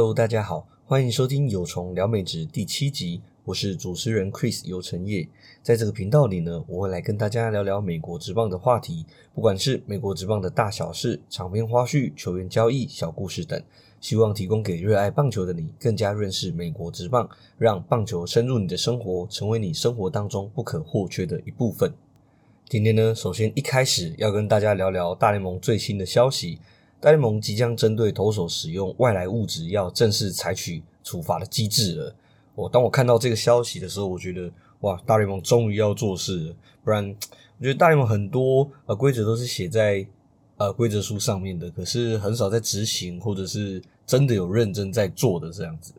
Hello，大家好，歡迎收聽《有蟲聊美職》第七集，我是主持人 Chris 尤成業。在這個頻道裡呢，我會來跟大家聊聊美國職棒的話題，不管是美國職棒的大小事、場邊花絮、球員交易、小故事等，希望提供給熱愛棒球的你，更加認識美國職棒，讓棒球深入你的生活，成為你生活當中不可或缺的一部分。今天呢，首先一開始要跟大家聊聊大聯盟最新的消息。大聯盟即將針對投手使用外來物質要正式採取處罰的機制了。我、哦、當我看到這個消息的時候，我覺得哇，大聯盟終於要做事了。不然，我覺得大聯盟很多呃規則都是寫在呃規則書上面的，可是很少在執行，或者是真的有認真在做的這樣子。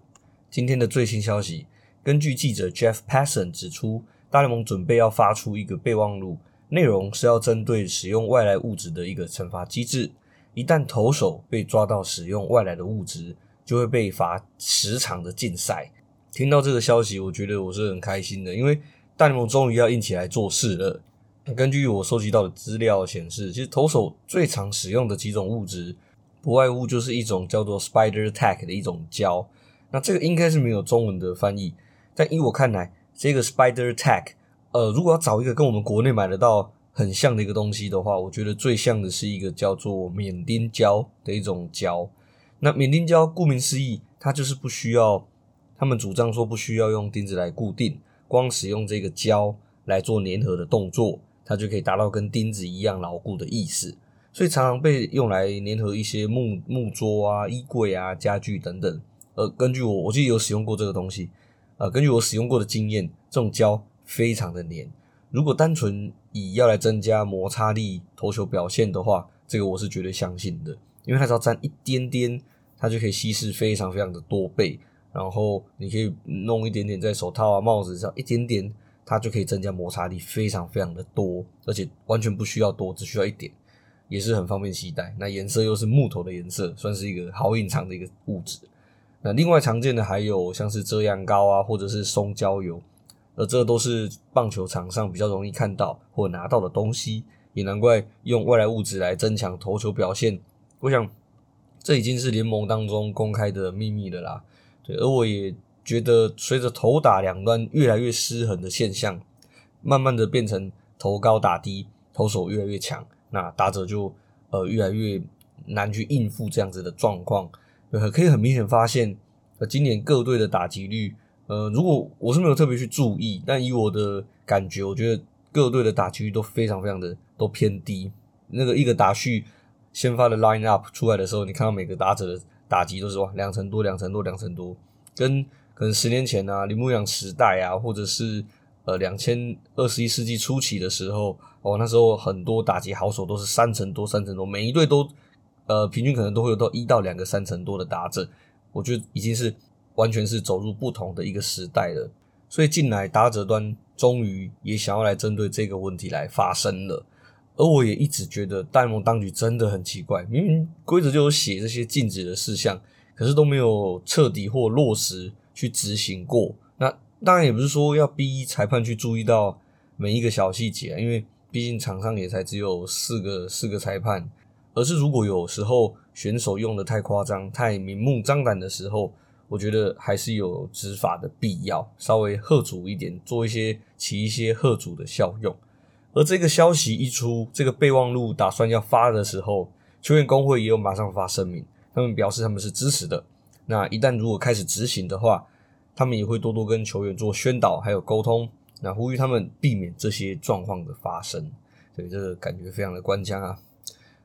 今天的最新消息，根據記者 Jeff Passan 指出，大聯盟準備要發出一個備忘錄，內容是要針對使用外來物質的一個懲罰機制。一旦投手被抓到使用外來的物質，就會被罰十場的禁賽。聽到這個消息，我覺得我是很開心的，因為大聯盟終於要硬起來做事了。根據我收集到的資料顯示，其實投手最常使用的幾種物質，不外乎就是一種叫做 Spider Tack 的一種膠。那這個應該是沒有中文的翻譯，但依我看來，這個 Spider Tack，呃，如果要找一個跟我們國內買得到。很像的一個東西的話，我覺得最像的是一個叫做免釘膠的一種膠。那免釘膠顧名思義，它就是不需要，他們主張說不需要用釘子來固定，光使用這個膠來做粘合的動作，它就可以達到跟釘子一樣牢固的意思。所以常常被用來粘合一些木木桌啊、衣櫃啊、家具等等。呃，根據我，我記得有使用過這個東西，呃，根據我使用過的經驗，這種膠非常的粘。如果單純以要來增加摩擦力，投球表現的話，這個我是絕對相信的，因為它只要沾一點點，它就可以稀釋非常非常的多倍。然後你可以弄一點點在手套啊、帽子上一點點，它就可以增加摩擦力非常非常的多，而且完全不需要多，只需要一點，也是很方便攜帶。那顏色又是木頭的顏色，算是一個好隱藏的一個物質。那另外常見的還有像是遮陽膏啊，或者是松焦油。而這都是棒球場上，比較容易看到或拿到的東西，也難怪用外來物質來增強投球表現。我想，這已經是聯盟當中公開的秘密了啦。對，而我也覺得，隨着投打兩端越來越失衡的現象，慢慢的變成投高打低，投手越來越強，那打者就呃越來越難去應付這樣子的狀況。對，可以很明顯發現，呃，今年各隊的打擊率。呃，如果我是沒有特別去注意，但以我的感覺，我覺得各隊的打擊率都非常非常的都偏低。那個一個打序先發的 Line Up 出來的時候，你看到每個打者的打擊都是哇兩成多、兩成多、兩成多，跟可能十年前啊林牧陽時代啊，或者是呃兩千二十一世紀初期的時候，哦那時候很多打擊好手都是三成多、三成多，每一隊都呃平均可能都會有到一到兩個三成多的打者，我覺得已經是。完全是走入不同的一個時代了，所以近來打者端終於也想要來針對這個問題來發聲了。而我也一直覺得大聯盟當局真的很奇怪，明明規則就有寫這些禁止的事項，可是都沒有徹底或落實去執行過。那當然也不是說要逼裁判去注意到每一個小細節，因為畢竟場上也才只有四個四個裁判，而是如果有時候選手用的太誇張、太明目張膽的時候。我覺得還是有執法的必要，稍微嚇阻一點，做一些起一些嚇阻的效用。而這個消息一出，這個備忘錄打算要發的時候，球員工會也有馬上發聲明，他們表示他們是支持的。那一旦如果開始執行的話，他們也會多多跟球員做宣導，還有溝通，那呼籲他們避免這些狀況的發生。所以這個感覺非常的官腔啊。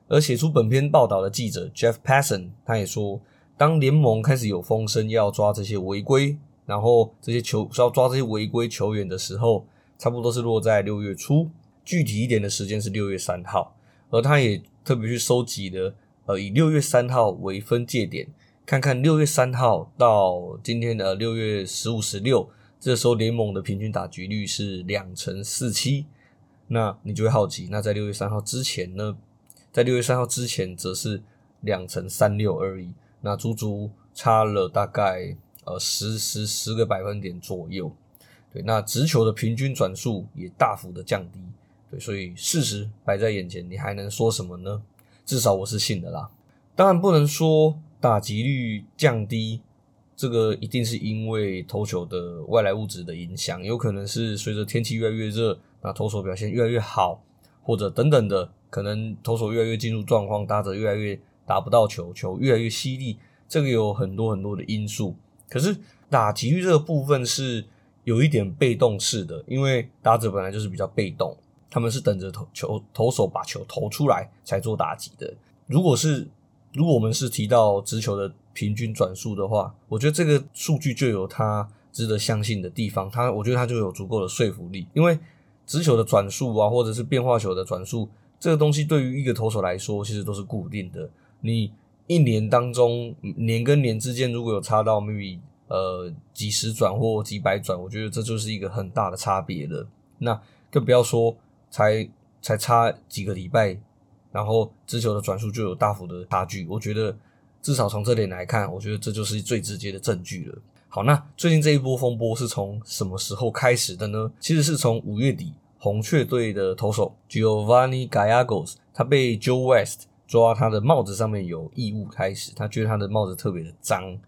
而寫出本篇報道的記者 Jeff Passan，他也說。當聯盟開始有風聲要抓這些違規，然後這些球要抓這些違規球員的時候，差不多是落在六月初，具體一點的時間是六月三號。而他也特別去收集了，呃，以六月三號為分界點，看看六月三號到今天的六月十五、十六，這時候聯盟的平均打擊率是兩成四七，那你就會好奇，那在六月三號之前呢？在六月三號之前則是兩成三六而已。那足足差了大概呃十十十個百分點左右，對，那直球的平均轉速也大幅的降低，對，所以事實擺在眼前，你還能說什麼呢？至少我是信的啦。當然不能說打擊率降低，這個一定是因為投球的外來物質的影響，有可能是隨着天氣越來越熱，那投手表現越來越好，或者等等的，可能投手越來越進入狀況，打者越來越打不到球，球越來越犀利，這個有很多很多的因素。可是打擊率這個部分是有一點被動式的，因為打者本來就是比較被動，他們是等着投球投手把球投出來才做打擊的。如果是如果我們是提到直球的平均轉速的話，我覺得這個數據就有它值得相信的地方，它我覺得它就有足夠的說服力，因為直球的轉速啊，或者是變化球的轉速，這個東西對於一個投手來說其實都是固定的。你一年當中，年跟年之間如果有差到 maybe 呃幾十轉或幾百轉，我覺得這就是一個很大的差別了。那更不要說才才差幾個禮拜，然後直球的轉速就有大幅的差距。我覺得至少從這點來看，我覺得這就是最直接的證據了。好，那最近這一波風波是從什麼時候開始的呢？其實是從五月底紅雀隊的投手 Giovanni Gallegos 他被 Joe West 抓他的帽子上面有異物開始，他覺得他的帽子特別的髒。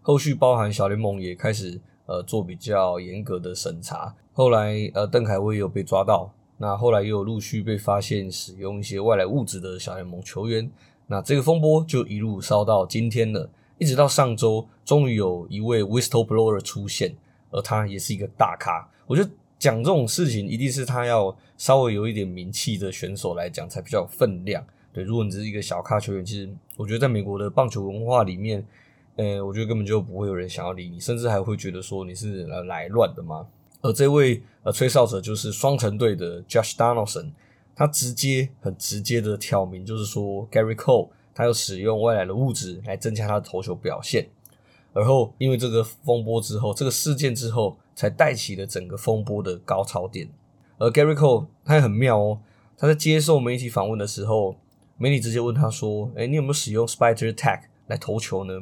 後續包含小聯盟也開始呃做比較嚴格的審查。後來呃，鄧凱威也有被抓到，那後來又有陸續被發現使用一些外來物質的小聯盟球員。那這個風波就一路燒到今天了，一直到上周，終於有一位 whistleblower 出現，而他也是一個大咖。我覺得講這種事情，一定是他要稍微有一點名氣的選手來講才比較有分量。對，如果你只是一個小咖球員，其實我覺得在美國的棒球文化裡面，呃，我覺得根本就不會有人想要理你，甚至還會覺得說你是呃來亂的嘛。而這位呃吹哨者就是雙城隊的 Josh Donaldson，他直接很直接的挑明，就是說 Gary Cole 他要使用外來的物質來增加他的投球表現。而後因為這個風波之後，這個事件之後，才帶起了整個風波的高潮點。而 Gary Cole 他也很妙哦，他在接受媒體訪問的時候。美女直接問他說：“哎、欸，你有沒有使用 Spider Tack 來投球呢？”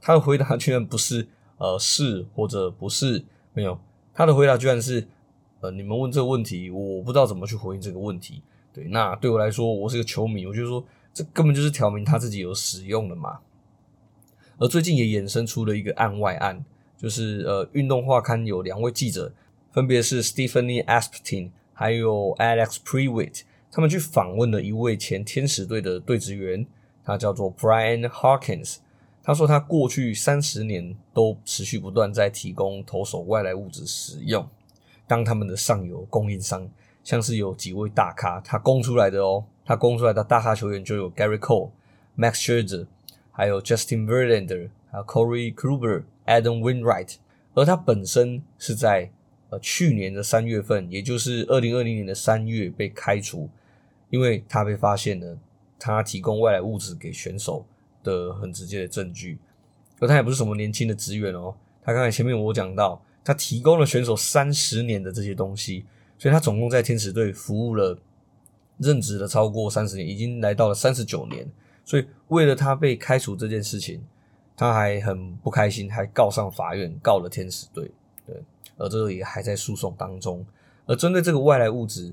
他的回答居然不是“呃是”或者“不是”，沒有。他的回答居然是：“呃，你們問這個問題，我不知道怎麼去回應這個問題。”對，那對我來說，我是個球迷，我就說這根本就是挑明他自己有使用的嘛。而最近也衍生出了一個案外案，就是呃，《運動畫刊》有兩位記者，分別是 Stephanie Apstein 還有 Alex Prewitt 他們去訪問了一位前天使隊的隊職員，他叫做 Brian Hawkins。他說，他過去三十年都持續不斷在提供投手外來物質使用，當他們的上游供應商，像是有幾位大咖，他供出來的哦，他供出來的大咖球員就有 Gary Cole、Max Scherzer，還有 Justin Verlander、還有 Corey Kluber、Adam Winwright。而他本身是在呃去年的三月份，也就是二零二零年的三月被開除。因為他被發現了，他提供外來物質給選手的很直接的證據，而他也不是什麼年輕的職員哦、喔。他剛才前面我講到，他提供了選手三十年的這些東西，所以他總共在天使隊服務了，任職了超過三十年，已經來到了三十九年。所以為了他被開除這件事情，他還很不開心，還告上法院告了天使隊，對，而這個也還在訴訟當中。而針對這個外來物質。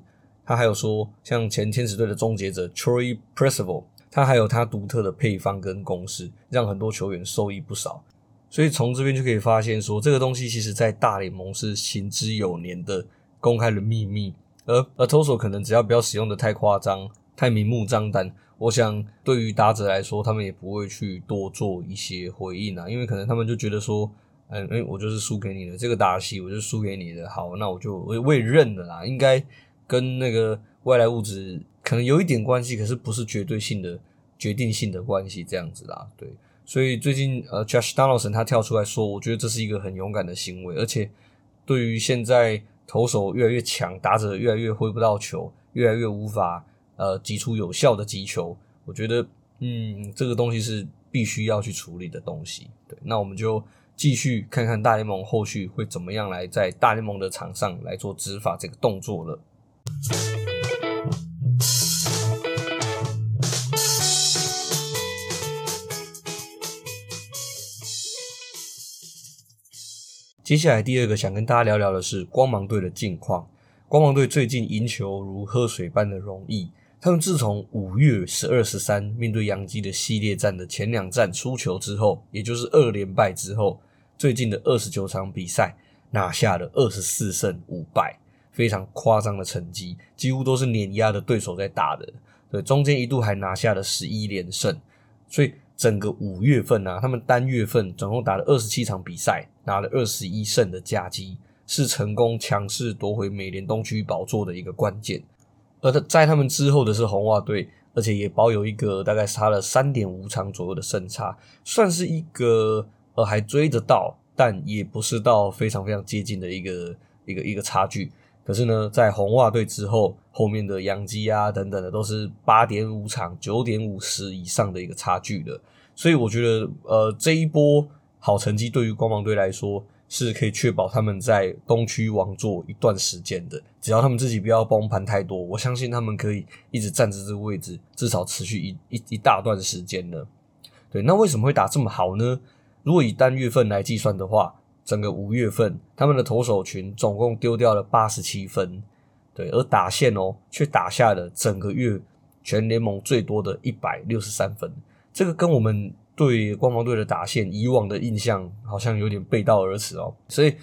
他還有說，像前天使隊的終結者 Troy Percival，他還有他獨特的配方跟公式，讓很多球員受益不少。所以從這邊就可以發現說，說這個東西其實在大聯盟是行之有年的公開的秘密。而，而投手可能只要不要使用的太誇張、太明目張膽，我想對於打者來說，他們也不會去多做一些回應啦、啊，因為可能他們就覺得說，嗯、欸，我就是輸給你了，這個打席我就輸給你的。」好，那我就我也認了啦，應該。跟那個外來物質可能有一點關係，可是不是絕對性的、決定性的關係這樣子啦。對，所以最近呃，Josh Donaldson 他跳出來說，我覺得這是一個很勇敢的行為，而且對於現在投手越來越強，打者越來越揮不到球，越來越無法呃擊出有效的擊球，我覺得嗯，這個東西是必須要去處理的東西。對，那我們就繼續看看大聯盟後續會怎麼樣來在大聯盟的場上來做執法這個動作了。接下來第二個想跟大家聊聊的是光芒隊的近況。光芒隊最近贏球如喝水般的容易。他們自從五月十二十三面對洋基的系列戰的前兩戰輸球之後，也就是二連敗之後，最近的二十九場比賽拿下了二十四勝五敗。非常誇張的成績，幾乎都是碾壓的對手在打的。對，中間一度還拿下了十一連勝，所以整個五月份呢、啊，他們單月份總共打了二十七場比賽，拿了二十一勝的佳績，是成功強勢奪回美聯東區寶座的一個關鍵。而他，在他們之後的是紅襪隊，而且也保有一個大概差了三點五場左右的勝差，算是一個呃還追得到，但也不是到非常非常接近的一個一個一個差距。可是呢，在紅襪隊之後，後面的洋基啊等等的都是八點五場、九點五十以上的一個差距的，所以我覺得，呃，這一波好成績對於光芒隊來說是可以確保他們在東區王座一段時間的，只要他們自己不要崩盤太多，我相信他們可以一直站在這個位置，至少持續一一一大段時間的。對，那為什麼會打這麼好呢？如果以單月份來計算的話。整個五月份，他們的投手群總共丟掉了八十七分，對，而打線哦、喔，卻打下了整個月全聯盟最多的一百六十三分。這個跟我們對光芒隊的打線以往的印象好像有點背道而馳哦、喔。所以，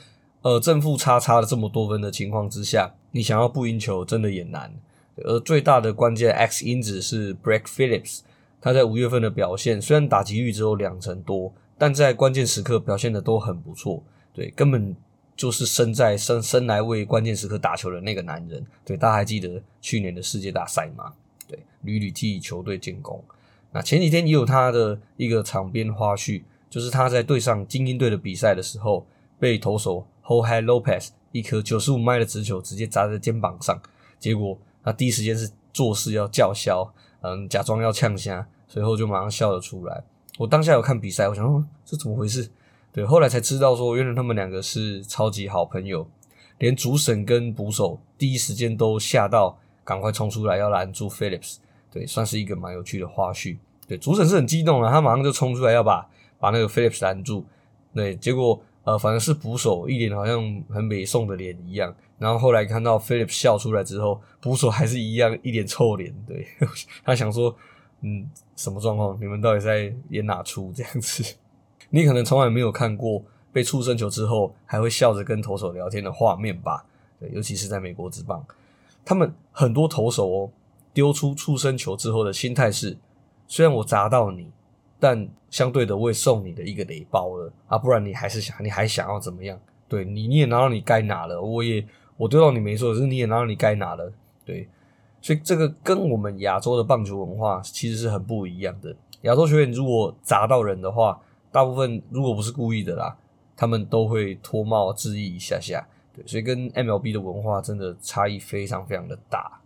呃，正負差差了這麼多分的情況之下，你想要不贏球真的也難。而最大的關鍵 X 因子是 Brett Phillips，他在五月份的表現雖然打擊率只有兩成多，但在關鍵時刻表現得都很不錯。對，根本就是生在生生來為關鍵時刻打球的那個男人。對，大家還記得去年的世界大賽嗎？對，屢屢替球隊建功。那前幾天也有他的一個場邊花絮，就是他在對上精英隊的比賽的時候，被投手 Jose Lopez 一顆九十五邁的直球直接砸在肩膀上，結果他第一時間是做事要叫囂，嗯，假裝要嗆下，隨後就馬上笑了出來。我當下有看比賽，我想說、哦，這怎麼回事？對，後來才知道說，原來他們兩個是超級好朋友，連主審跟捕手第一時間都嚇到，趕快衝出來要攔住 Phillips。對，算是一個蠻有趣的花絮。對，主審是很激動的，他馬上就衝出來要把把那個 Phillips 攔住。對，結果呃，反正是捕手一臉好像很美送的臉一樣，然後後來看到 Phillips 笑出來之後，捕手還是一樣一臉臭臉。對，呵呵，他想說，嗯，什麼狀況？你們到底在演哪出這樣子？你可能從來沒有看過被觸身球之後還會笑着跟投手聊天的畫面吧？對，尤其是在美國職棒，他們很多投手哦，丟出觸身球之後的心態是：雖然我砸到你，但相對的，我也送你的一個壘包了啊！不然你還是想，你還想要怎麼樣？對你，你也拿到你該拿的，我也我丟到你沒錯，就是你也拿到你該拿的。對，所以這個跟我們亞洲的棒球文化其實是很不一樣的。亞洲球員如果砸到人的話，大部分如果不是故意的啦，他們都會脫帽致意一下下，對，所以跟 MLB 的文化真的差異非常非常的大。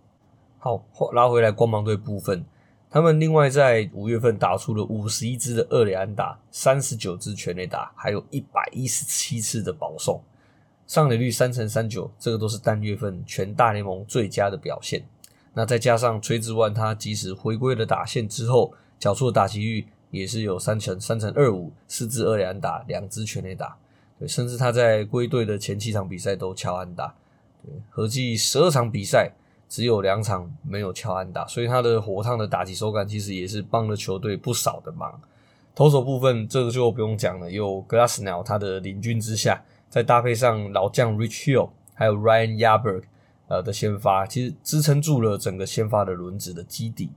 好，拉回來光芒隊部分，他們另外在五月份打出了五十一支的二壘安打，三十九支全壘打，還有一百一十七次的保送，上壘率三成三九，這個都是單月份全大聯盟最佳的表現。那再加上崔智萬他即使回歸了打線之後，繳出了打擊率。也是有三成三成二五，四支二壘打，兩支全壘打，對，甚至他在歸隊的前七場比賽都敲安打，對，合計十二場比賽只有兩場沒有敲安打，所以他的火燙的打擊手感其實也是幫了球隊不少的忙。投手部分這個就不用講了，有 Glasnow 他的領軍之下，再搭配上老將 Rich Hill，還有 Ryan Yarbrough 呃的先發，其實支撐住了整個先發的輪值的基底。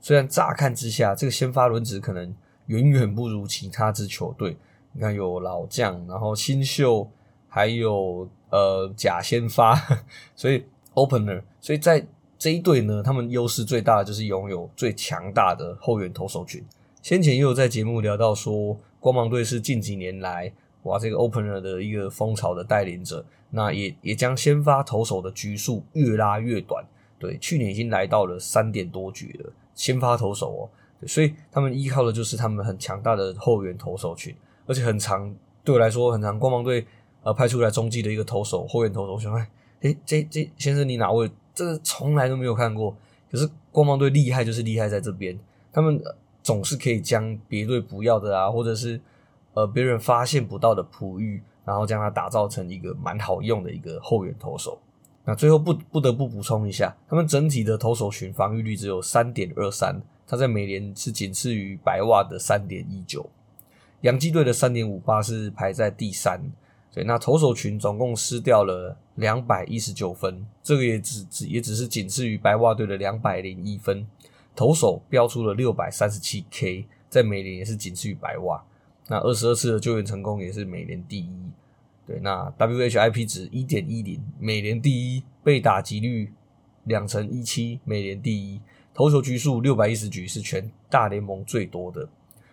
雖然乍看之下，這個先發輪值可能遠遠不如其他支球隊。你看有老將，然後新秀，還有呃假先發，所以 opener，所以在這一隊呢，他們優勢最大的就是擁有最強大的後援投手群。先前也有在節目聊到說，光芒隊是近幾年來哇這個 opener 的一個風潮的帶領者，那也也將先發投手的局數越拉越短。對，去年已經來到了三點多局了。先發投手哦，對，所以他們依靠的就是他們很強大的後援投手群，而且很長。對我來說很長。光芒隊呃派出來中繼的一個投手，後援投手群，兄弟，哎，這這，這先生你哪位？這從來都沒有看過。可是光芒隊厲害就是厲害在這邊，他們、呃、總是可以將別隊不要的啊，或者是呃別人發現不到的璞玉，然後將它打造成一個蠻好用的一個後援投手。那最後不不得不補充一下，他們整體的投手群防禦率只有三點二三，他在美聯是僅次於白襪的三點一九，洋基隊的三點五八是排在第三。所以那投手群總共失掉了兩百一十九分，這個也只也只是僅次於白襪隊的兩百零一分。投手飆出了六百三十七 K，在美聯也是僅次於白襪。那二十二次的救援成功也是美聯第一。對，那 WHIP 值一點一零，美聯第一，被打擊率兩成一七，美聯第一，投球局數六百一十局是全大聯盟最多的，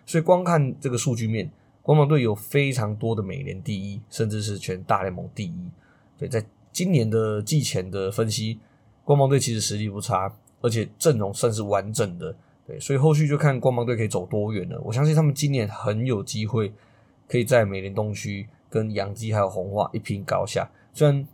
所以光看這個數據面，光芒隊有非常多的美聯第一，甚至是全大聯盟第一。對，在今年的季前的分析，光芒隊其實實力不差，而且陣容算是完整的。對，所以後續就看光芒隊可以走多遠了。我相信他們今年很有機會可以在美聯東區跟洋基還有紅襪一拼高下，雖然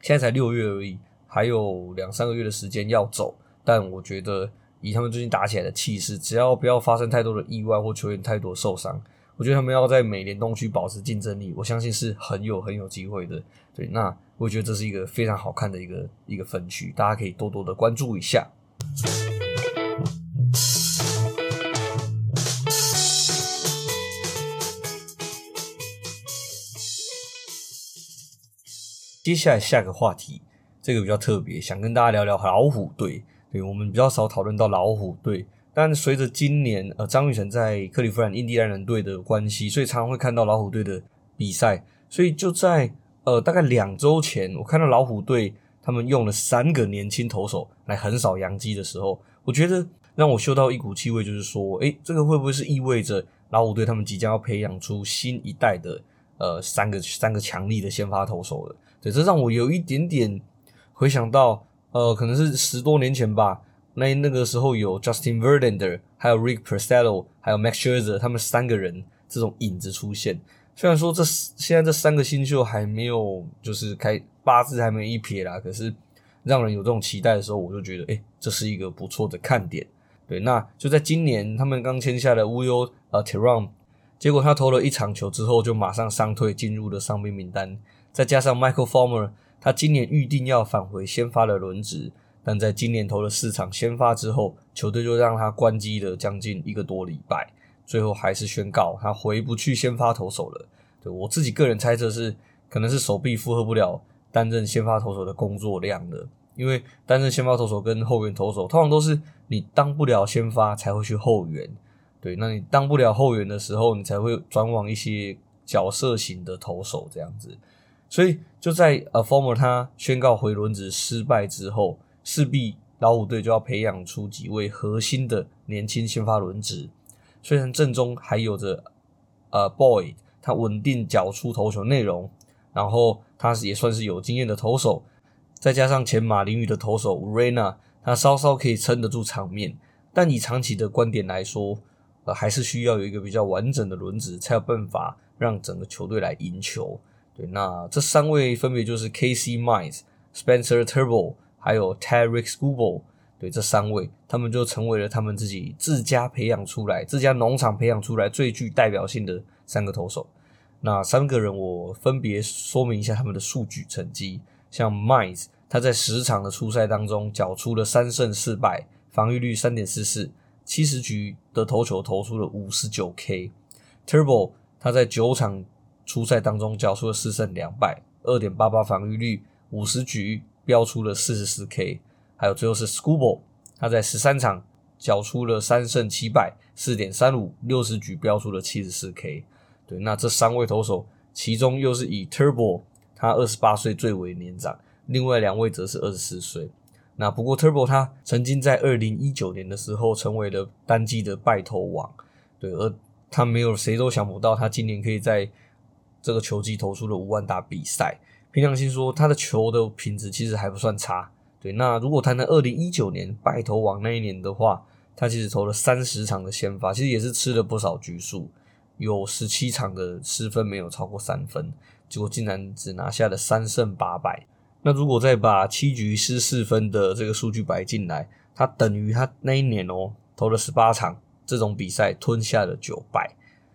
現在才六月而已，還有兩三個月的時間要走，但我覺得以他們最近打起來的氣勢，只要不要發生太多的意外或球員太多受傷，我覺得他們要在美聯東區保持競爭力，我相信是很有很有機會的。對，那我覺得這是一個非常好看的一個一個分區，大家可以多多的關注一下。接下來下一個話題，這個比較特別，想跟大家聊聊老虎隊。對，我們比較少討論到老虎隊，但隨着今年呃張育成在克利夫蘭印第安人隊的關係，所以常常會看到老虎隊的比賽。所以就在呃大概兩周前，我看到老虎隊他們用了三個年輕投手來橫掃洋基的時候，我覺得讓我嗅到一股氣味，就是說，誒，這個會不會是意味着老虎隊他們即將要培養出新一代的呃三個三個強力的先發投手了？對，這讓我有一點點回想到，呃，可能是十多年前吧。那那個時候有 Justin Verlander，還有 Rick Porcello，還有 Max Scherzer，他們三個人這種影子出現。雖然說這現在這三個新秀還沒有就是開八字還沒一撇啦，可是讓人有這種期待的時候，我就覺得，哎，這是一個不錯的看點。對，那就在今年他們剛簽下的烏尤啊、呃、Teheran，結果他投了一場球之後，就馬上傷退，進入了傷兵名單。再加上 Michael Fulmer，他今年預定要返回先發的輪值，但在今年投了四場先發之後，球隊就讓他關機了將近一個多禮拜，最後還是宣告他回不去先發投手了。對，我自己個人猜測是，可能是手臂負荷不了擔任先發投手的工作量了，因為擔任先發投手跟後援投手通常都是你當不了先發才會去後援，對，那你當不了後援的時候，你才會轉往一些角色型的投手這樣子。所以就在呃，former 他宣告回輪值失敗之後，勢必老虎隊就要培養出幾位核心的年輕先發輪值。雖然陣中還有着呃，Boyd 他穩定繳出投球內容，然後他是也算是有經驗的投手，再加上前馬林魚的投手 Urena，他稍稍可以撐得住場面。但以長期的觀點來說，呃，還是需要有一個比較完整的輪值，才有辦法讓整個球隊來贏球。對，那這三位分別就是 k c m i n e Spencer s Turbo 還有 t e r e k s o o g b e 對，這三位他們就成為了他們自己自家培養出來、自家農場培養出來最具代表性的三個投手。那三個人我分別說明一下他們的數據成績。像 m i n e s 他在十場的初賽當中繳出了三勝四敗，防禦率三點四四，七十局的投球投出了五十九 K。Turbo，他在九場，初賽當中繳出了四勝兩敗，二點八八防禦率，五十局標出了四十四 K。還有最後是 Skubal，他在十三場繳出了三勝七敗，四點三五，六十局標出了七十四 K。對，那這三位投手其中又是以 Turnbull，他二十八歲最為年長，另外兩位則是二十四歲。那不過 Turnbull 他曾經在二零一九年的時候成為了單季的敗投王，對，而他沒有誰都想不到他今年可以在。這個球技投出了五萬打比賽，憑良心說他的球的品質其實還不算差。對，那如果談談二零一九年敗投王那一年的話，他其實投了三十場的先發，其實也是吃了不少局數，有十七場的失分沒有超過三分，結果竟然只拿下了三勝八敗。那如果再把七局失四,四分的這個數據擺進來，他等於他那一年哦投了十八場這種比賽，吞下了九敗。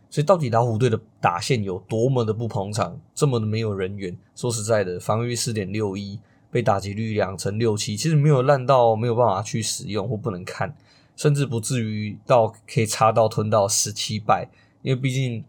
所以到底老虎隊的打線有多麼的不捧場，這麼的沒有人緣？說實在的，防御率四點六一，被打擊率兩成六七，其實沒有爛到沒有辦法去使用或不能看，甚至不至於到可以差到吞到十七敗。因為畢竟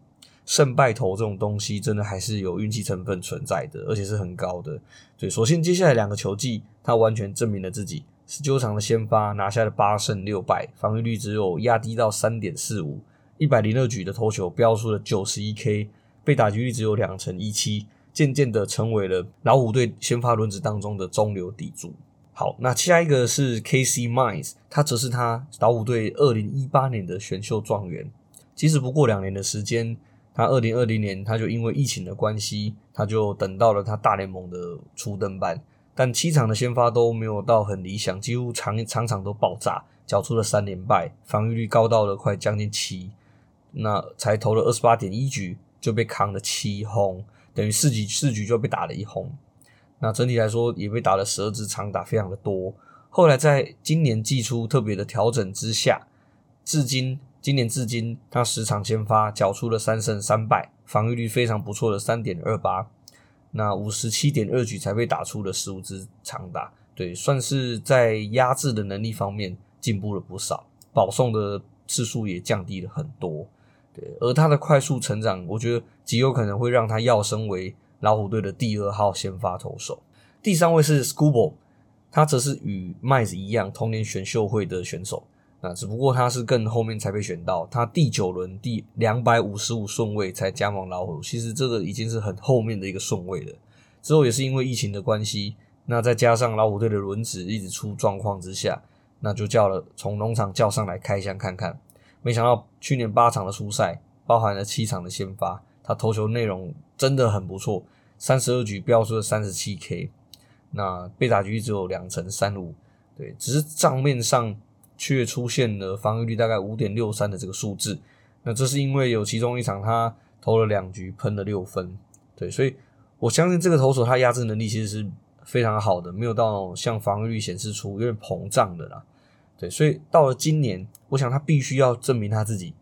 勝敗投這種東西，真的還是有運氣成分存在的，而且是很高的。對，首先接下來兩個球季，他完全證明了自己，十九場的先發拿下了八勝六敗，防御率只有壓低到三點四五。一百零二局的投球，飆出了九十一 K，被打擊率只有兩成一七，漸漸的成為了老虎隊先發輪子當中的中流砥柱。好，那下一個是 Casey Mize，他則是他老虎隊二零一八年的選秀狀元，即使不過兩年的時間，他二零二零年他就因為疫情的關係，他就等到了他大聯盟的初登板。但七場的先發都沒有到很理想，幾乎場場場都爆炸，繳出了三連敗，防禦率高到了快將近七。那才投了二十八點一局就被扛了七轟，等於四局四局就被打了一轟。那整體來說也被打了十二支長打，非常的多。後來在今年季初特別的調整之下，至今今年至今他十場先發繳出了三勝三敗，防禦率非常不錯的三點二八。那五十七點二局才被打出了十五支長打，對，算是在壓制的能力方面進步了不少，保送的次數也降低了很多。而他的快速成長，我覺得極有可能會讓他躍升為老虎隊的第二號先發投手。第三位是 Skubal，他則是與麥子一樣同年選秀會的選手。那只不過他是更後面才被選到，他第九輪第兩百五十五順位才加盟老虎。其實這個已經是很後面的一個順位了。之後也是因為疫情的關係，那再加上老虎隊的輪值一直出狀況之下，那就叫了從農場叫上來開箱看看。沒想到去年八場的出賽，包含了七場的先發，他投球內容真的很不錯，三十二局飆出了三十七 K，那被打局只有兩成三五，對，只是賬面上卻出現了防禦率大概五點六三的這個數字，那這是因為有其中一場他投了兩局噴了六分，對，所以我相信這個投手他壓制能力其實是非常好的，沒有到像防禦率顯示出有點膨脹的啦，對，所以到了今年。我想他必須要證明他自己，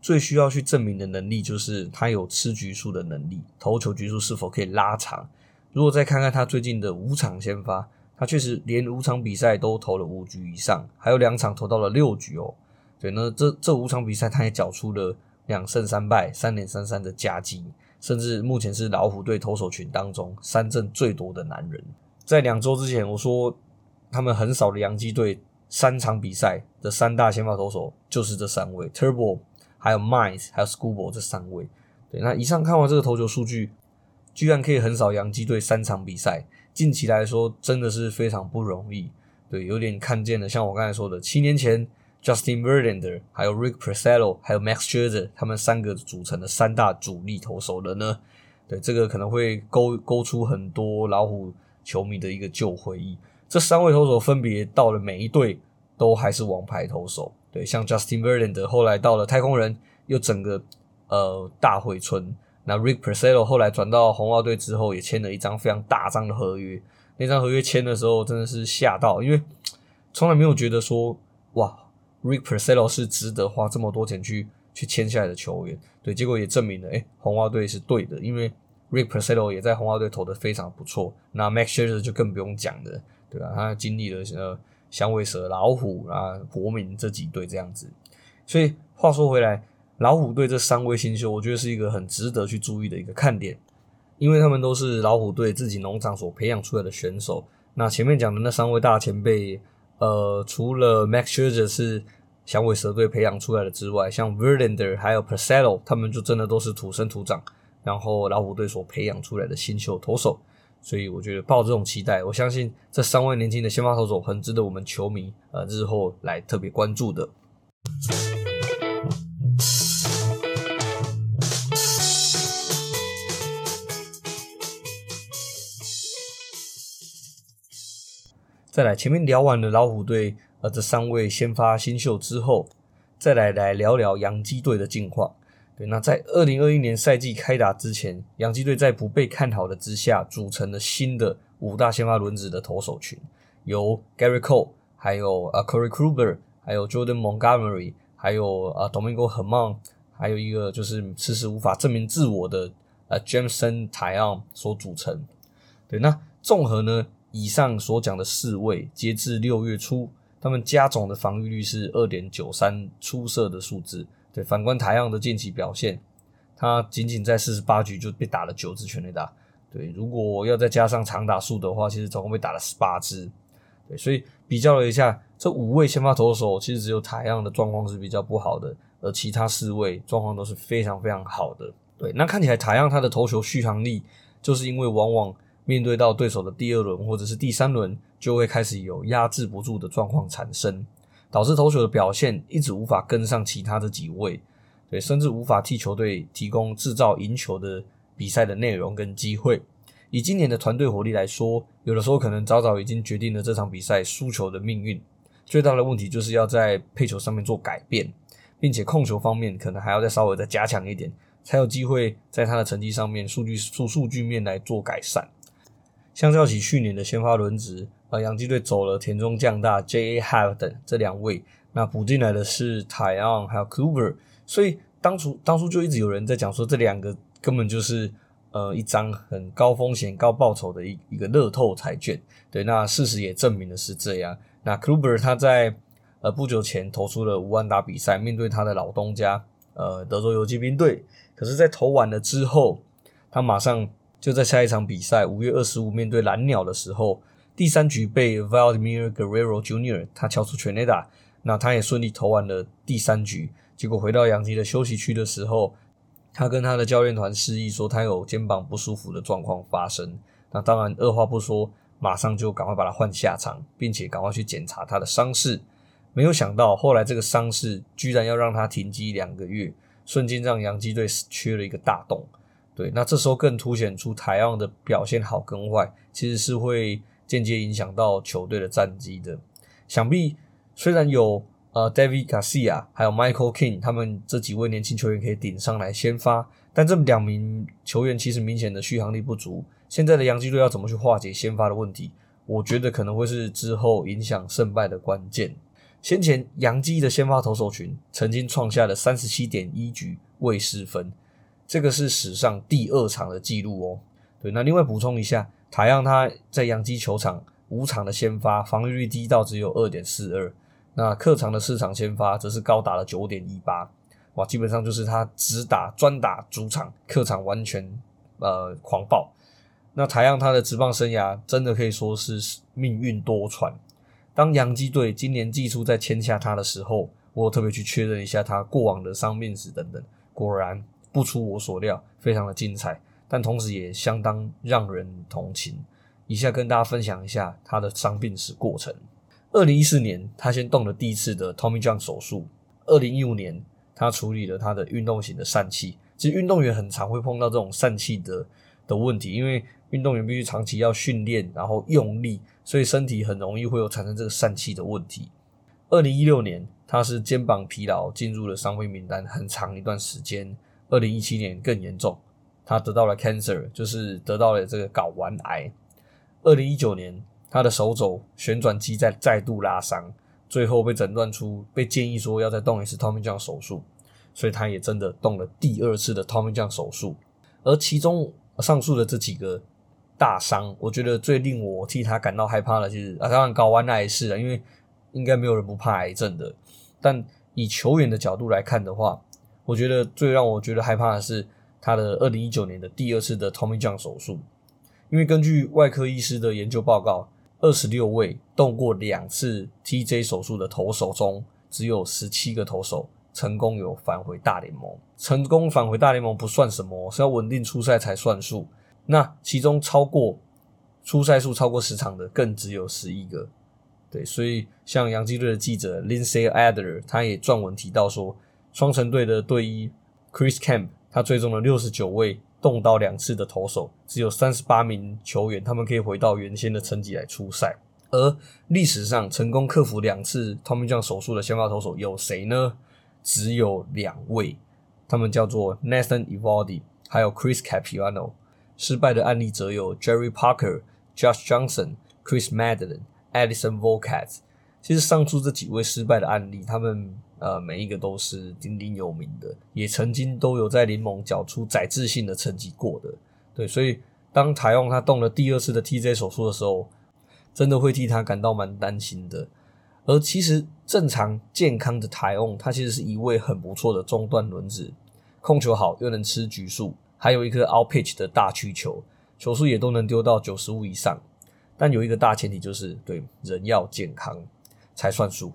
最需要去證明的能力就是他有吃局數的能力，投球局數是否可以拉長。如果再看看他最近的五場先發，他確實連五場比賽都投了五局以上，還有兩場投到了六局哦、喔。對呢，那這這五場比賽他也繳出了兩勝三敗、三點三三的佳績，甚至目前是老虎隊投手群當中三振最多的男人。在兩周之前，我說他們橫掃了洋基隊。三場比賽的三大先發投手就是這三位，Turbo，還有 Mize，還有 Skubal 這三位。對，那以上看完這個投球數據，居然可以橫掃洋基隊三場比賽，近期來說真的是非常不容易。對，有點看見了，像我剛才說的，七年前 Justin Verlander 還有 Rick Porcello，還有 Max Scherzer 他們三個組成的三大主力投手的呢。對，這個可能會勾勾出很多老虎球迷的一個舊回憶。這三位投手分別到了每一隊，都還是王牌投手。對，像 Justin Verlander 後來到了太空人，又整個呃大回春。那 Rick Porcello 後來轉到紅襪隊之後，也簽了一張非常大張的合約。那張合約簽的時候真的是嚇到，因為從來沒有覺得說哇，Rick Porcello 是值得花這麼多錢去去簽下來的球員。對，結果也證明了，哎，紅襪隊是對的，因為 Rick Porcello 也在紅襪隊投的非常不錯。那 Max Scherzer 就更不用講了。對吧，他經歷了呃響尾蛇、老虎啊、國民這幾隊這樣子，所以話說回來，老虎隊這三位新秀，我覺得是一個很值得去注意的一個看點，因為他們都是老虎隊自己農場所培養出來的選手。那前面講的那三位大前輩，呃，除了 Max Scherzer 是響尾蛇隊培養出來的之外，像 Verlander 還有 Porcello，他們就真的都是土生土長，然後老虎隊所培養出來的新秀投手。所以我覺得抱這種期待，我相信這三位年輕的先發投手很值得我們球迷呃日後來特別關注的。再來，前面聊完了老虎隊呃這三位先發新秀之後，再來來聊聊洋基隊的近況。對，那在二零二一年賽季開打之前，洋基隊在不被看好的之下，組成了新的五大先發輪子的投手群，由 Gerrit Cole、還有呃、啊、Corey Kluber 還有 Jordan Montgomery、還有啊 Domingo Germán 還有一個就是遲遲無法證明自我的啊 Jameson Taillon 所組成。對，那綜合呢以上所講的四位，截至六月初，他們加總的防禦率是二點九三，出色的數字。對，反觀泰陽的近期表現，他僅僅在四十八局就被打了九支全壘打。對，如果要再加上長打數的話，其實總共被打了十八支。對，所以比較了一下，這五位先發投手，其實只有泰陽的狀況是比較不好的，而其他四位狀況都是非常非常好的。對，那看起來泰陽他的投球續航力，就是因為往往面對到對手的第二輪或者是第三輪，就會開始有壓制不住的狀況產生。導致投球的表現一直無法跟上其他的幾位，對，甚至無法替球隊提供制造贏球的比賽的內容跟機會。以今年的團隊火力來說，有的時候可能早早已經決定了這場比賽輸球的命運。最大的問題就是要在配球上面做改變，並且控球方面可能還要再稍微再加強一點，才有機會在他的成績上面數據數數據面來做改善。相較起去年的先發輪值。呃，洋基隊走了田中將大、J.A. Happ 這兩位，那補進來的是 Taillon 還有 Kluber，所以當初當初就一直有人在講說這兩個根本就是呃一張很高風險高報酬的一一個樂透彩券。對，那事實也證明的是這樣。那 Kluber 他在呃不久前投出了無安打比賽，面對他的老東家呃德州遊騎兵隊，可是，在投完了之後，他馬上就在下一場比賽五月二十五面對藍鳥的時候。第三局被 Vladimir Guerrero Jr. 他敲出全壘打，那他也順利投完了第三局。結果回到洋基的休息區的時候，他跟他的教練團示意說他有肩膀不舒服的狀況發生。那當然，二話不說，馬上就趕快把他換下場，並且趕快去檢查他的傷勢。沒有想到，後來這個傷勢居然要讓他停機兩個月，瞬間讓洋基隊缺了一個大洞。對，那這時候更凸顯出 Taillon 的表現好跟壞，其實是會。間接影響到球隊的戰績的，想必雖然有呃 David Garcia 還有 Michael King 他們這幾位年輕球員可以頂上來先發，但這兩名球員其實明顯的續航力不足。現在的洋基隊要怎麼去化解先發的問題？我覺得可能會是之後影響勝敗的關鍵。先前洋基的先發投手群曾經創下了三十七點一局未失分，這個是史上第二長的記錄哦。對，那另外補充一下。台泰陽他在洋基球場五場的先發防禦率低到只有二點四二，那客場的市場先發則是高達了九點一八，哇，基本上就是他只打專打主場，客場完全呃狂暴。那台泰陽他的職棒生涯真的可以說是命運多舛。當洋基隊今年季初在簽下他的時候，我特別去確認一下他過往的傷病史等等，果然不出我所料，非常的精彩。但同時也相當讓人同情。以下跟大家分享一下他的傷病史過程。二零一四年，他先動了第一次的 Tommy John 手術。二零一五年，他處理了他的運動型的疝氣。其實運動員很常會碰到這種疝氣的的問題，因為運動員必須長期要訓練，然後用力，所以身體很容易會有產生這個疝氣的問題。二零一六年，他是肩膀疲勞進入了傷兵名單，很長一段時間。二零一七年更嚴重。他得到了 cancer，就是得到了這個睾丸癌。二零一九年，他的手肘旋轉肌在再度拉傷，最後被診斷出被建議說要再動一次 Tommy John 手術，所以他也真的動了第二次的 Tommy John 手術。而其中上述的這幾個大傷，我覺得最令我替他感到害怕的，就是啊，當然睾丸癌是啊，因為應該沒有人不怕癌症的。但以球員的角度來看的話，我覺得最讓我覺得害怕的是。他的二零一九年的第二次的 Tommy John 手術，因為根據外科醫師的研究報告，二十六位動過兩次 TJ 手術的投手中，只有十七個投手成功有返回大聯盟。成功返回大聯盟不算什麼，是要穩定出賽才算數。那其中超過出賽數超過十場的，更只有十一個。對，所以像洋基隊的記者 Lindsey Adler，他也撰文提到說，雙城隊的隊醫 Chris Camp。他最終的六十九位動刀兩次的投手，只有三十八名球員，他們可以回到原先的成績來出賽。而歷史上成功克服兩次 Tommy John 手術的先發投手有誰呢？只有兩位，他們叫做 Nathan Eovaldi，還有 Chris Capuano。失敗的案例則有 Jerry Parker、Josh Johnson、Chris Medlen、Edinson Volquez。其實上述這幾位失敗的案例，他們。呃，每一個都是鼎鼎有名的，也曾經都有在聯盟繳出宰制性的成績過的。對，所以當台翁他動了第二次的 TJ 手術的時候，真的會替他感到蠻擔心的。而其實正常健康的台翁，他其實是一位很不錯的中段輪子，控球好又能吃局數，還有一顆 out pitch 的大曲球，球速也都能丟到九十五以上。但有一個大前提就是，對，人要健康才算數。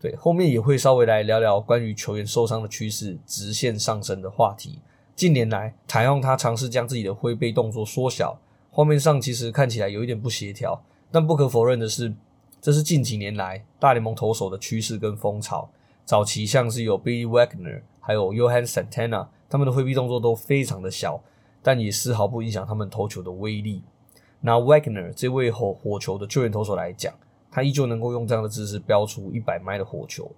對，後面也會稍微來聊聊關於球員受傷的趨勢直線上升的話題。近年來，Taillon 他嘗試將自己的揮臂動作縮小，畫面上其實看起來有一點不協調。但不可否認的是，這是近幾年來大聯盟投手的趨勢跟風潮。早期像是有 Billy Wagner 還有 Johan Santana，他們的揮臂動作都非常的小，但也絲毫不影響他們投球的威力。拿 Wagner 這位火火球的救援投手來講，他依舊能夠用這樣的姿勢飆出一百邁的火球，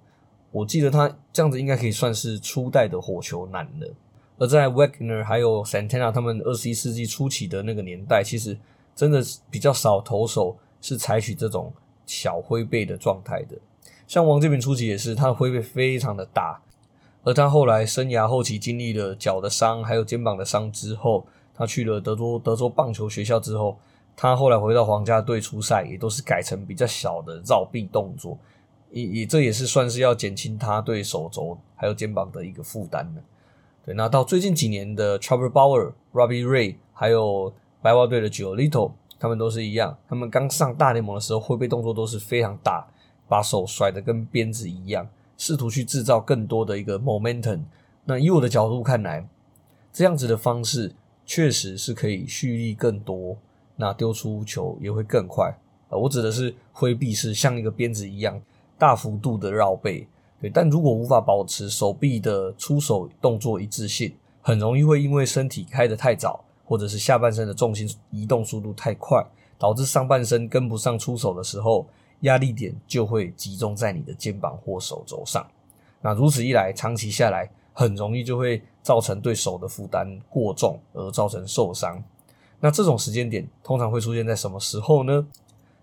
我記得他這樣子應該可以算是初代的火球男了。而在 Wagner 還有 Santana 他們二十一世紀初期的那個年代，其實真的是比較少投手是採取這種小揮背的狀態的。像王建民初期也是，他的揮背非常的大，而他後來生涯後期經歷了腳的傷還有肩膀的傷之後，他去了德州德州棒球學校之後。他後來回到皇家隊出賽，也都是改成比較小的繞臂動作，也也這也是算是要減輕他對手肘還有肩膀的一個負擔的。對，那到最近幾年的 Trevor Bauer、Robbie Ray，還有白襪隊的 Giolito，他們都是一樣，他們剛上大聯盟的時候，揮臂動作都是非常大，把手甩得跟鞭子一樣，試圖去製造更多的一個 momentum。那以我的角度看來，這樣子的方式確實是可以蓄力更多。那丟出球也會更快。呃，我指的是揮臂式，像一個鞭子一樣大幅度的繞背。對，但如果無法保持手臂的出手動作一致性，很容易會因為身體開得太早，或者是下半身的重心移動速度太快，導致上半身跟不上出手的時候，壓力點就會集中在你的肩膀或手肘上。那如此一來，長期下來，很容易就會造成對手的負擔過重而造成受傷。那這種時間點通常會出現在什麼時候呢？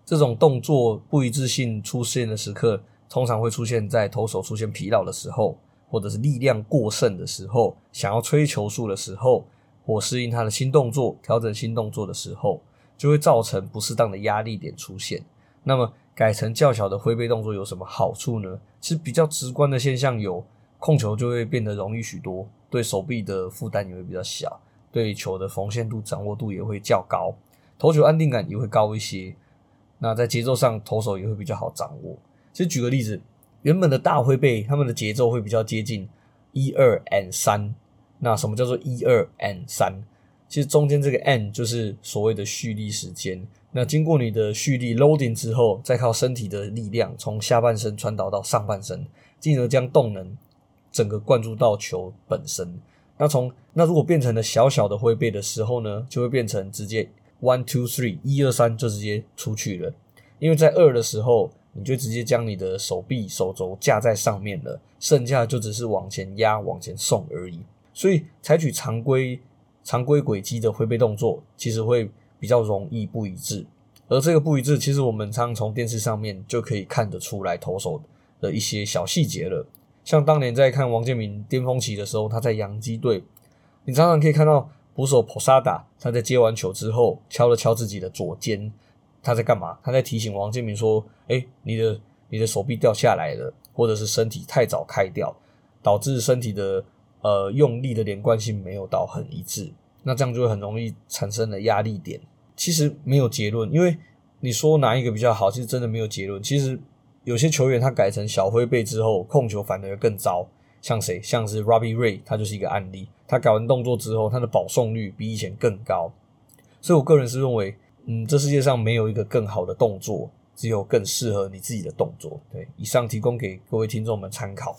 這種動作不一致性出現的時刻，通常會出現在投手出現疲勞的時候，或者是力量過剩的時候，想要催球速的時候，或適應他的新動作、調整新動作的時候，就會造成不適當的壓力點出現。那麼，改成較小的揮臂動作有什麼好處呢？其實比較直觀的現象有，控球就會變得容易許多，對手臂的負擔也會比較小。對球的縫線度掌握度也會較高，投球安定感也會高一些。那在節奏上，投手也會比較好掌握。其實舉個例子，原本的大揮臂，他們的節奏會比較接近一二 and 三。那什麼叫做一二 and 三？其實中間這個 and 就是所謂的蓄力時間。那經過你的蓄力 loading 之後，再靠身體的力量從下半身傳導到，到上半身，進而將動能整個灌注到球本身。那從那如果變成了小小的揮背的時候呢，就會變成直接 one two three 一二三，就直接出去了。因為在二的時候，你就直接將你的手臂、手肘架架在上面了，剩下的就只是往前壓、往前送而已。所以，採取常規、常規軌跡的揮背動作，其實會比較容易不一致。而這個不一致，其實我們常從電視上面就可以看得出來投手的一些小細節了。像當年在看王建民巔峰期的時候，他在洋基隊，你常常可以看到捕手 Posada，他在接完球之後敲了敲自己的左肩，他在幹嘛？他在提醒王建民說：“哎、欸，你的你的手臂掉下來了，或者是身體太早開掉，導致身體的呃用力的連貫性沒有到很一致，那這樣就會很容易產生了壓力點。”其實沒有結論，因為你說哪一個比較好，其實真的沒有結論。其實。有些球員他改成小灰背之後，控球反而更糟。像誰？像是 Robbie Ray，他就是一個案例。他改完動作之後，他的保送率比以前更高。所以我個人是認為，嗯，這世界上沒有一個更好的動作，只有更適合你自己的動作。對，以上提供給各位聽眾們參考。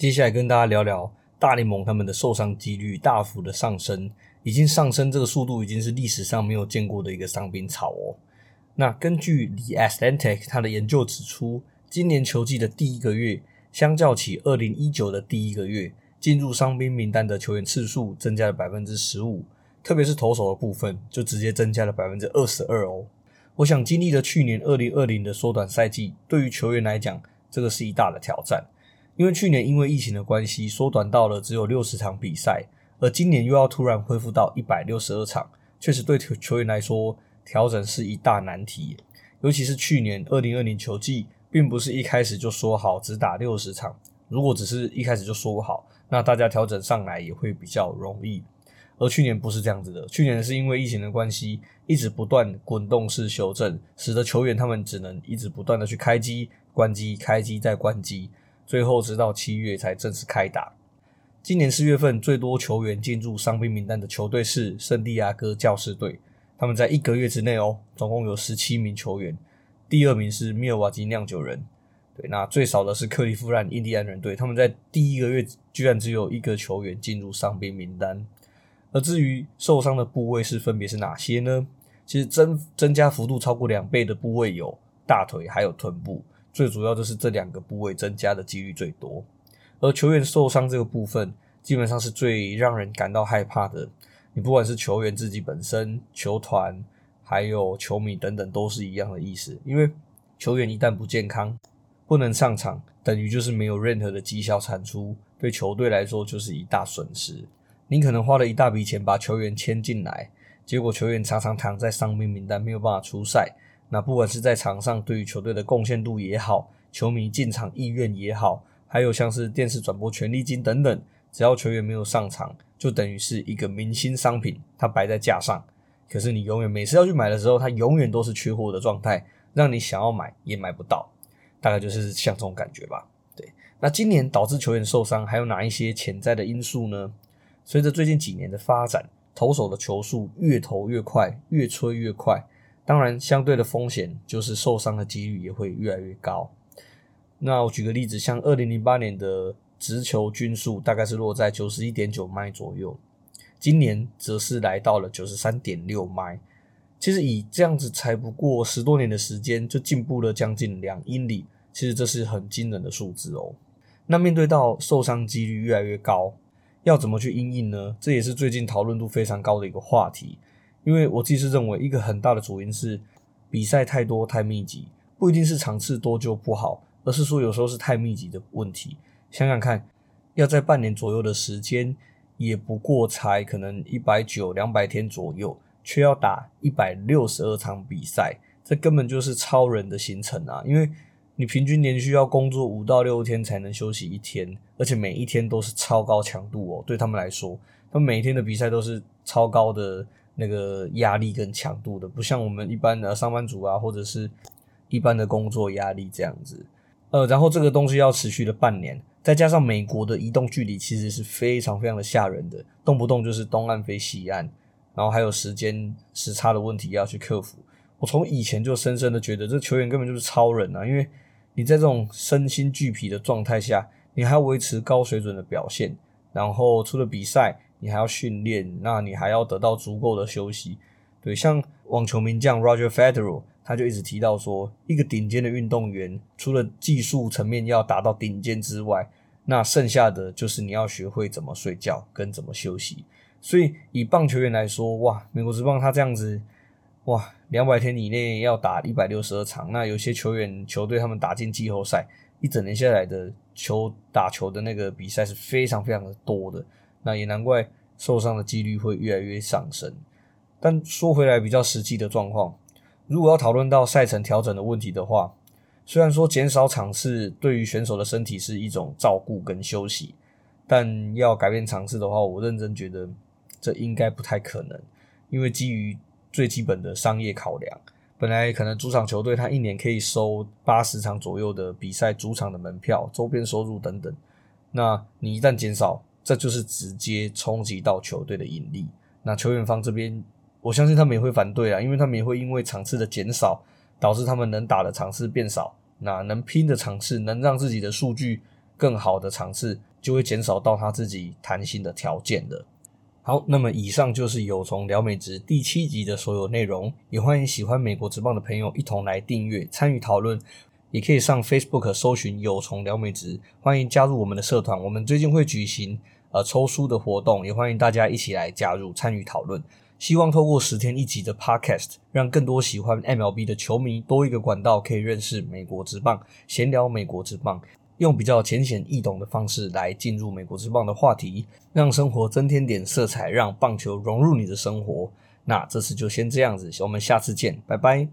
接下來跟大家聊聊大聯盟他們的受傷幾率大幅的上升，已經上升這個速度已經是歷史上沒有見過的一個傷兵潮哦。那根據 The Athletic 他的研究指出，今年球季的第一個月，相較起二零一九的第一個月，進入傷兵名單的球員次數增加了百分之十五，特別是投手的部分，就直接增加了百分之二十二哦。我想經歷了去年二零二零的縮短賽季，對於球員來講，這個是一大的挑戰。因為去年因為疫情的關係，縮短到了只有六十場比賽，而今年又要突然恢復到一百六十二場，確實對球員來說，調整是一大難題。尤其是去年二零二零球季，並不是一開始就說好只打六十場。如果只是一開始就說不好，那大家調整上來也會比較容易。而去年不是這樣子的，去年是因為疫情的關係，一直不斷滾動式修正，使得球員他們只能一直不斷的去開機、關機、開機再關機。最後，直到七月才正式開打。今年四月份最多球員進入傷兵名單的球隊是聖地亞哥教士隊，他們在一個月之內哦，總共有十七名球員。第二名是密爾瓦基釀酒人，對，那最少的是克利夫蘭印第安人隊，他們在第一個月居然只有一個球員進入傷兵名單。而至於受傷的部位是分別是哪些呢？其實增增加幅度超過兩倍的部位有大腿還有臀部。最主要就是這兩個部位增加的幾率最多，而球員受傷這個部分，基本上是最讓人感到害怕的。你不管是球員自己本身、球團，還有球迷等等，都是一樣的意思。因為球員一旦不健康，不能上場，等於就是沒有任何的績效產出，對球隊來說就是一大損失。你可能花了一大筆錢把球員簽進來，結果球員常常躺在傷兵名單，沒有辦法出賽。那不管是在場上對於球隊的貢獻度也好，球迷進場意願也好，還有像是電視轉播權利金等等，只要球員沒有上場，就等於是一個明星商品，它擺在架上，可是你永遠每次要去買的時候，它永遠都是缺貨的狀態，讓你想要買也買不到，大概就是像這種感覺吧。對，那今年導致球員受傷還有哪一些潛在的因素呢？隨着最近幾年的發展，投手的球速越投越快，越催越快。當然，相對的風險就是受傷的幾率也會越來越高。那我舉個例子，像二零零八年的直球均數大概是落在九十一點九邁左右，今年則是來到了九十三點六邁。其實以這樣子才不過十多年的時間，就進步了將近兩英里，其實這是很驚人的數字哦。那面對到受傷幾率越來越高，要怎麼去因應呢？這也是最近討論度非常高的一個話題。因為我自己是認為，一個很大的主因是比賽太多太密集，不一定是場次多就不好，而是說有時候是太密集的問題。想想看，要在半年左右的時間，也不過才可能一百九兩百天左右，卻要打一百六十二場比賽，這根本就是超人的行程啊！因為你平均連續要工作五到六天才能休息一天，而且每一天都是超高強度哦。對他們來說，他們每一天的比賽都是超高的。那個壓力跟強度的，不像我們一般的上班族啊，或者是一般的工作壓力這樣子。呃，然後這個東西要持續了半年，再加上美國的移動距離其實是非常非常的嚇人的，動不動就是東岸飛西岸，然後還有時間時差的問題要去克服。我從以前就深深的覺得，這球員根本就是超人啊，因為你在這種身心俱疲的狀態下，你還要維持高水準的表現，然後除了比賽。你還要訓練，那你還要得到足夠的休息。對，像網球名將 Roger Federer，他就一直提到說，一個頂尖的運動員，除了技術層面要達到頂尖之外，那剩下的就是你要學會怎麼睡覺跟怎麼休息。所以，以棒球員來說，哇，美國職棒他這樣子，哇，兩百天以內要打一百六十二場。那有些球員、球隊他們打進季後賽，一整年下來的球、打球的那個比賽是非常非常的多的。那也難怪受傷的幾率會越來越上升。但說回來，比較實際的狀況，如果要討論到賽程調整的問題的話，雖然說減少場次對於選手的身體是一種照顧跟休息，但要改變場次的話，我認真覺得這應該不太可能，因為基於最基本的商業考量，本來可能主場球隊他一年可以收八十場左右的比賽主場的門票、周邊收入等等，那你一旦減少，這就是直接衝擊到球隊的盈利。那球員方這邊，我相信他們也會反對啊，因為他們也會因為場次的減少，導致他們能打的場次變少，那能拼的場次，能讓自己的數據更好的場次，就會減少到他自己談薪的條件的。好，那麼以上就是有從聊美職第七集的所有內容，也歡迎喜歡美國職棒的朋友一同來訂閱、參與討論。也可以上 Facebook 搜尋“有蟲聊美職”，歡迎加入我們的社團。我們最近會舉行呃抽書的活動，也歡迎大家一起來加入參與討論。希望透過十天一集的 Podcast，讓更多喜歡 MLB 的球迷多一個管道可以認識美國職棒，閒聊美國職棒，用比較淺顯易懂的方式來進入美國職棒的話題，讓生活增添點色彩，讓棒球融入你的生活。那這次就先這樣子，我們下次見，拜拜。